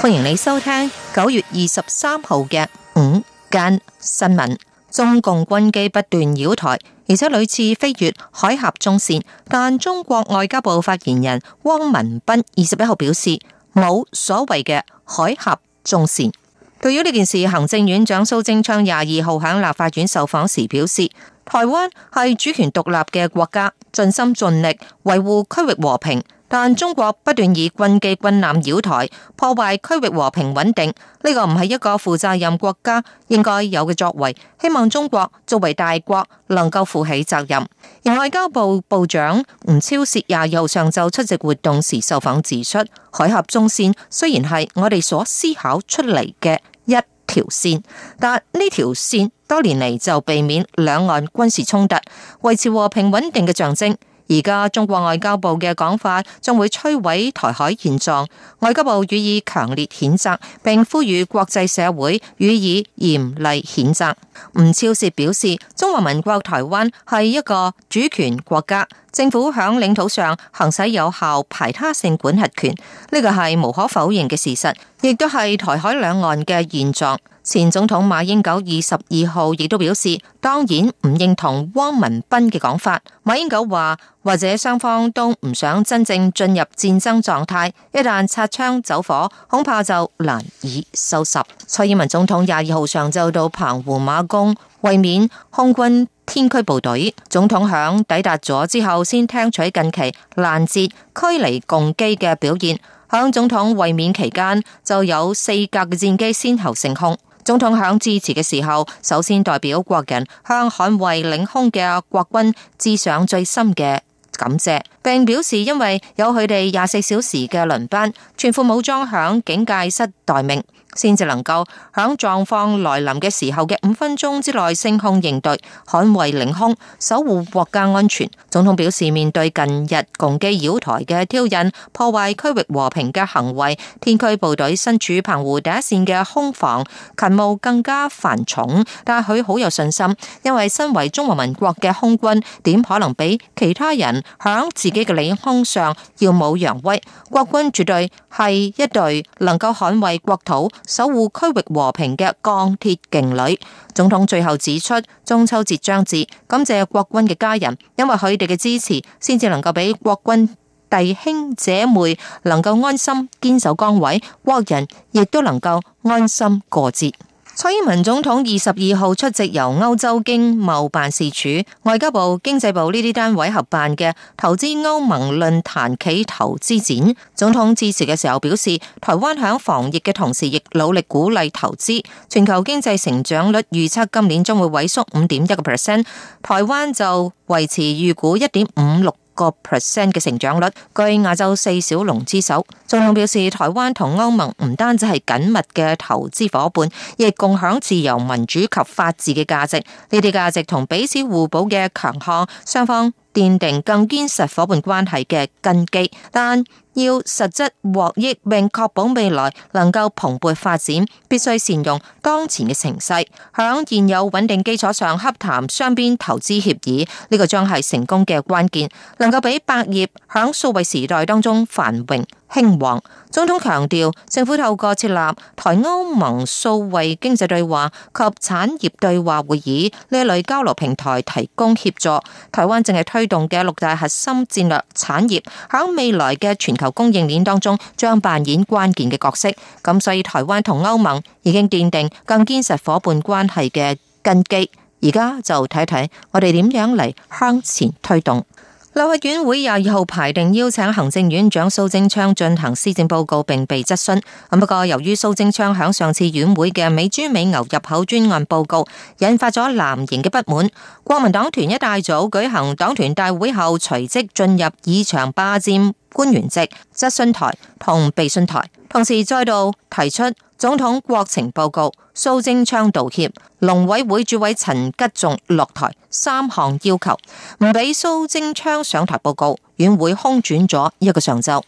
歡迎你收聽九月二十三號嘅午間新聞。中共軍機不斷擾台，而且屢次飛越海峽中線，但中國外交部發言人汪文斌二十一號表示，冇所謂嘅海峽中線。對於呢件事，行政院長蘇貞昌廿二號喺立法院受訪時表示，台灣係主權獨立嘅國家，盡心盡力維護區域和平。但中國不斷以軍機軍艦繞台破壞區域和平穩定，呢個唔係一個負責任國家應該有嘅作為。希望中國作為大國能夠負起責任。而外交部部長吳釗燮廿二號上晝出席活動時受訪指出，海峽中線雖然係我哋所思考出嚟嘅一條線，但呢條線多年嚟就避免兩岸軍事衝突，維持和平穩定嘅象徵。而家中國外交部嘅講法將會摧毀台海現狀，外交部予以強烈譴責，並呼籲國際社會予以嚴厲譴責。吳釗燮表示中華民國台灣係一個主權國家。政府喺領土上行使有效排他性管轄權，呢個係無可否認嘅事實，亦都係台海兩岸嘅現狀。前總統馬英九二十二號亦都表示，當然唔認同汪文斌嘅講法。馬英九話，或者雙方都唔想真正進入戰爭狀態，一旦擦槍走火，恐怕就難以收拾。蔡英文總統廿二號上晝到澎湖馬公，慰勉空軍。天區部隊總統響抵達咗之後，先聽取近期攔截、驅離共機嘅表現。響總統衛冕期間，就有四架嘅戰機先後升空。總統響致辭嘅時候，首先代表國人向捍衛領空嘅國軍致上最深嘅感謝，並表示因為有佢哋廿四小時嘅輪班，全副武裝響警戒室待命。先至能夠響狀況來臨嘅時候嘅五分鐘之內升空應對，捍衛領空，守護國家安全。總統表示，面對近日共機擾台嘅挑釁、破壞區域和平嘅行為，天區部隊身處澎湖第一線嘅空防勤務更加繁重，但佢好有信心，因為身為中華民國嘅空軍，點可能畀其他人響自己嘅領空上耀武揚威？國軍絕對係一隊能夠捍衛國土。守護區域和平嘅鋼鐵勁旅，總統最後指出，中秋節將至，感謝國軍嘅家人，因為佢哋嘅支持，先至能夠俾國軍弟兄姐妹能夠安心堅守崗位，國人亦都能夠安心過節。蔡英文總統二十二號出席由歐洲經貿辦事處、外交部、經濟部呢啲單位合辦嘅投資歐盟論壇暨投資展。總統致辭嘅時候表示，台灣響防疫嘅同時，亦努力鼓勵投資。全球經濟成長率預測今年將會萎縮五點一個 percent，台灣就維持預估一點五六。個 percent 嘅成長率，居亞洲四小龍之首。仲有表示，台灣同歐盟唔單止係緊密嘅投資夥伴，亦共享自由、民主及法治嘅價值。呢啲價值同彼此互補嘅強項，雙方奠定更堅實夥伴關係嘅根基。但要實質獲益並確保未來能夠蓬勃發展，必須善用當前嘅情勢，響現有穩定基礎上洽談雙邊投資協議，呢個將係成功嘅關鍵，能夠俾百業響數位時代當中繁榮興旺。總統強調，政府透過設立台歐盟數位經濟對話及產業對話會議呢一類交流平台，提供協助台灣正係推動嘅六大核心戰略產業響未來嘅全。球供應鏈當中將扮演關鍵嘅角色，咁所以台灣同歐盟已經奠定更堅實夥伴關係嘅根基。而家就睇睇我哋點樣嚟向前推動。立法院會廿二號排定邀請行政院長蘇貞昌進行施政報告，並被質詢。咁不過，由於蘇貞昌響上次院會嘅美豬美牛入口專案報告引發咗藍營嘅不滿，國民黨團一大早舉行黨團大會後，隨即進入議場霸佔。官員席、質詢台同備詢台，同時再度提出總統國情報告、蘇貞昌道歉，農委會主委陳吉仲落台三項要求，唔俾蘇貞昌上台報告，院會空轉咗一個上晝。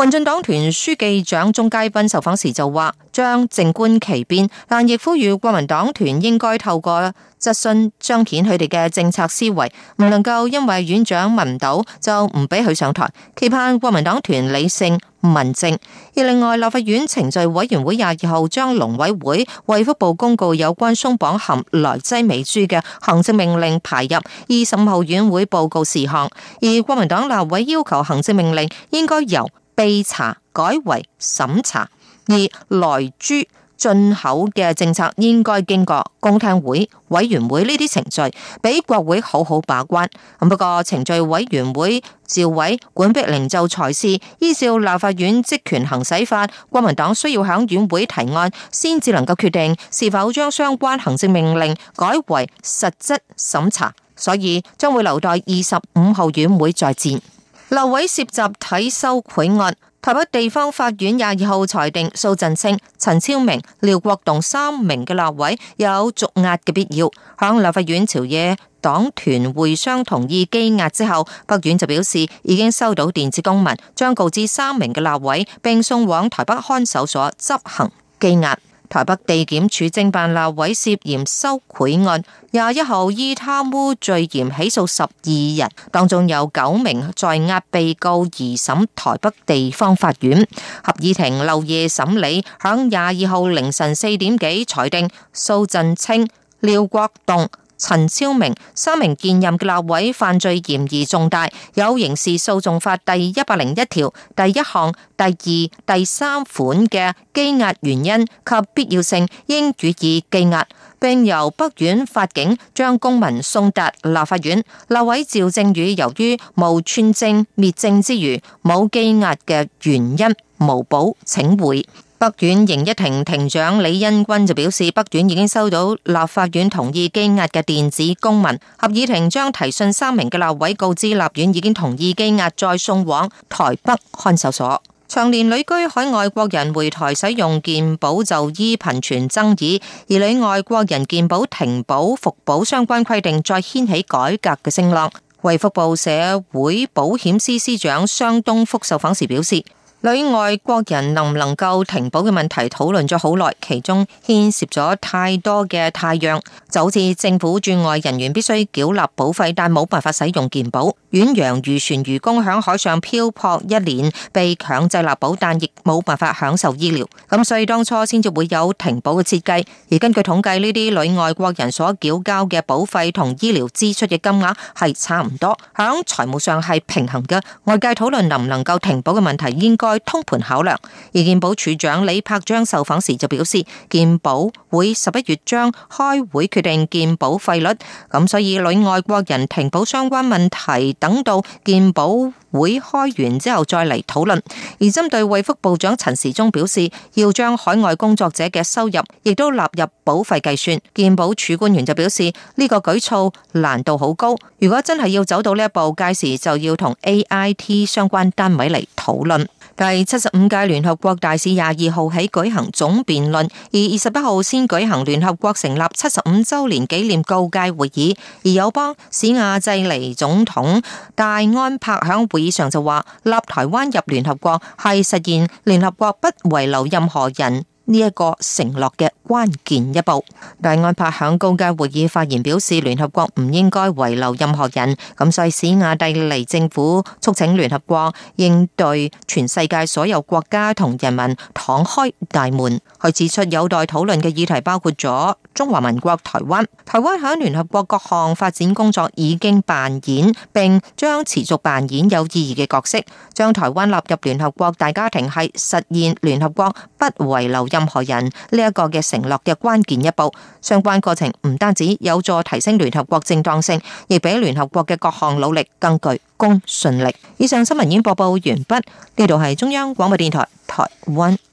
民進黨團書記長鍾佳濱受訪時就話，將靜觀其變，但亦呼籲國民黨團應該透過質詢彰顯佢哋嘅政策思維，唔能夠因為院長問唔到就唔俾佢上台。期盼國民黨團理性問政。而另外，立法院程序委員會廿二號將農委會衛福部公告有關鬆綁含萊劑美豬嘅行政命令排入二十五號，院會報告事項，而國民黨立委要求行政命令應該由。被查改為審查，而萊豬進口嘅政策應該經過公聽會委員會呢啲程序，俾國會好好把關。咁不過程序委員會召委管碧玲就裁示依照立法院職權行使法，國民黨需要響院會提案，先至能夠決定是否將相關行政命令改為實質審查，所以將會留待二十五號院會再戰。立委涉及體收賄案，台北地方法院廿二號裁定蘇震清，訴稱陳超明、廖國棟三名嘅立委有續押嘅必要。響立法院朝野黨團會商同意羈押之後，北院就表示已經收到電子公文，將告知三名嘅立委，並送往台北看守所執行羈押。台北地檢署偵辦立委涉嫌收賄案，廿一號依貪污罪嫌起訴十二人，當中有九名在押被告，一審台北地方法院合議庭漏夜審理，響廿二號凌晨四點幾裁定蘇振清、稱廖國棟。陳超明三名現任立委犯罪嫌疑重大，有刑事訴訟法第一百零一條第一項第二、第三款嘅羈押原因及必要性，應予以羈押，並由北院法警將公民送達立法院。立委趙正宇由於無串證滅證之虞，冇羈押嘅原因無保，請回。北院刑一庭庭長李恩軍就表示，北院已經收到立法院同意羈押嘅電子公文，合議庭將提訊三名嘅立委，告知立院已經同意羈押，再送往台北看守所。長年旅居海外國人回台使用健保就醫頻傳爭議，而旅外國人健保停保復保相關規定再掀起改革嘅聲浪。衛福部社會保險司司長商東福受訪時表示。旅外國人能唔能夠停保嘅問題討論咗好耐，其中牽涉咗太多嘅太陽，就好似政府駐外人員必須繳納保費，但冇辦法使用健保；遠洋漁船漁工響海上漂泊一年，被強制納保，但亦冇辦法享受醫療。咁所以當初先至會有停保嘅設計。而根據統計，呢啲旅外國人所繳交嘅保費同醫療支出嘅金額係差唔多，響財務上係平衡嘅。外界討論能唔能夠停保嘅問題，應該。再通盤考量。而健保署長李柏章受訪時就表示，健保會十一月將開會決定健保費率，咁所以女外國人停保相關問題等到健保會開完之後再嚟討論。而針對衛福部長陳時中表示，要將海外工作者嘅收入亦都納入保費計算，健保署官員就表示呢個舉措難度好高，如果真係要走到呢一步，屆時就要同 AIT 相關單位嚟討論。第七十五屆聯合國大使廿二號起舉行總辯論，而二十一號先舉行聯合國成立七十五周年紀念告誡會議。而友邦史亞濟尼總統戴安柏喺會議上就話：立台灣入聯合國係實現聯合國不遺留任何人。呢一個承諾嘅關鍵一步，賴安柏響高級會議發言表示，聯合國唔應該遺留任何人。咁史瓦帝尼政府促請聯合國應對全世界所有國家同人民敞開大門，佢指出有待討論嘅議題包括咗中華民國台灣。台灣喺聯合國各項發展工作已經扮演並將持續扮演有意義嘅角色，將台灣納入聯合國大家庭係實現聯合國不遺留人任何人呢一個嘅承諾嘅關鍵一步，相關過程唔單止有助提升聯合國正當性，亦比聯合國嘅各項努力更具公信力。以上新聞已經播報完畢，呢度係中央廣播電台台灣。